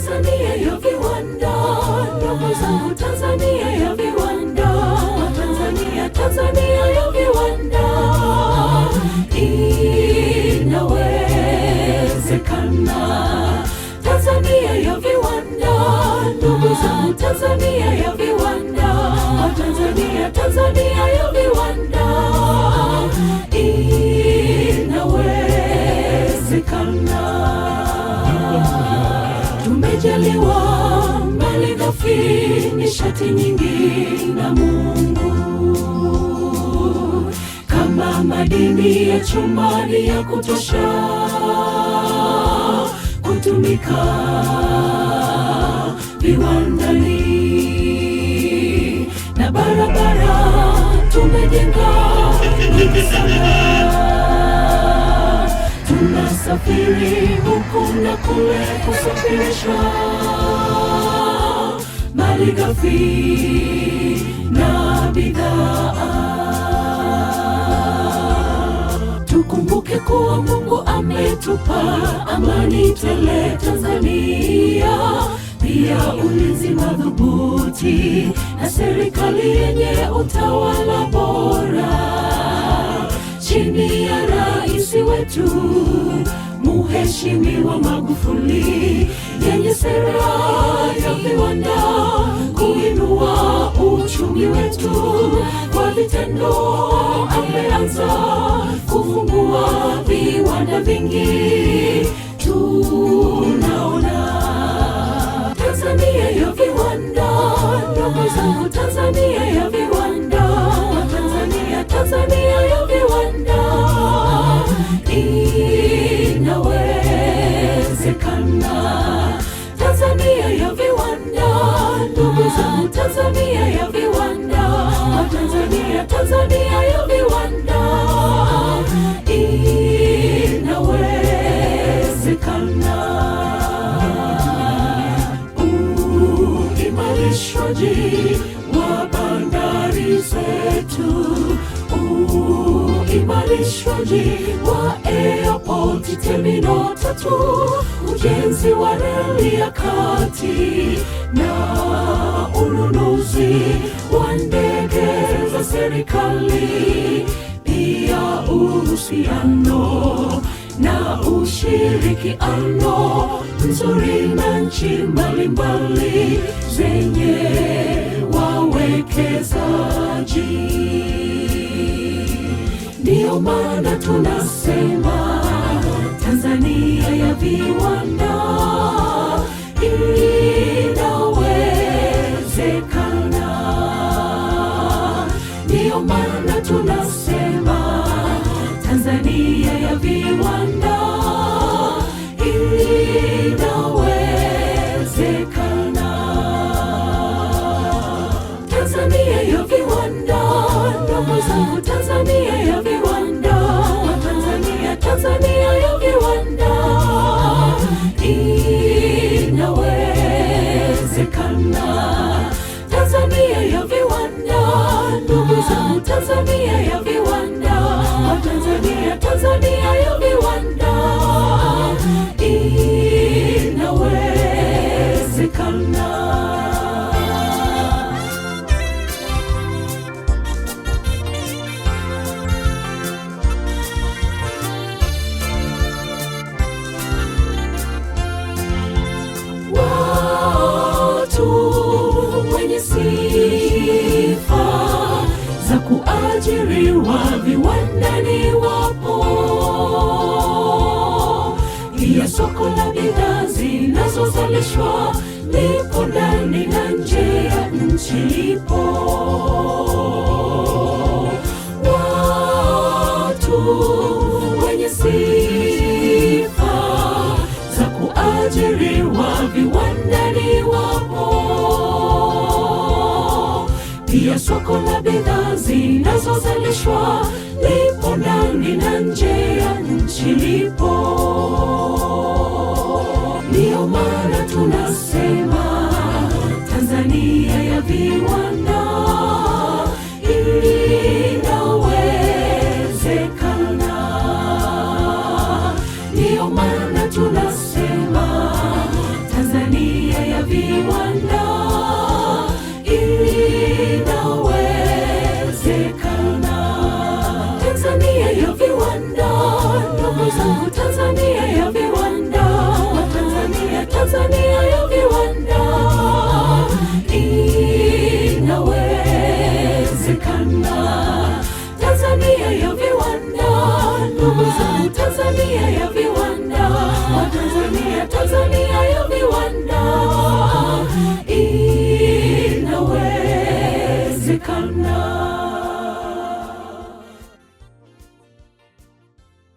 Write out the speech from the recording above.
Tanzania ya viwanda, ndugu zangu Tanzania ya viwanda, Tanzania, Tanzania ya viwanda, inawezekana. Tanzania ya viwanda, ndugu zangu Tanzania nishati nyingi na Mungu, kama madini ya chuma ni ya kutosha kutumika viwandani na barabara tumejenga tunasafiri huku na kule kusafirisha malighafi na bidhaa. Tukumbuke kuwa Mungu ametupa amani tele Tanzania, pia ulinzi madhubuti na serikali yenye utawala bora chini ya rais wetu Mheshimiwa Magufuli yenye sera mwokozi wetu kwa vitendo ameanza kufungua viwanda vingi, tunaona Tanzania ya viwanda. Ndugu zangu, Tanzania ya viwanda. mtaji wa bandari zetu, uimarishwaji wa airport terminal tatu, ujenzi wa reli ya kati na ununuzi wa ndege za serikali, pia uhusiano na ushirikiano mzuri na nchi mbalimbali zenye wawekezaji. Ndiyo maana tunasema Tanzania ya viwanda. Tunaongoza Tanzania ya viwanda, Tanzania, Tanzania ya viwanda, inawezekana. Tanzania ya viwanda, ndugu zangu, Tanzania ya viwanda. wenye sifa za kuajiriwa viwandani wapo, pia soko la bidhaa zinazozalishwa lipo soko la bidhaa zinazozalishwa lipo ndani na nje ya nchi lipo. Ndiyo maana tunasema Tanzania ya viwanda, inawezekana. Ndiyo maana tunasema za Tanzania.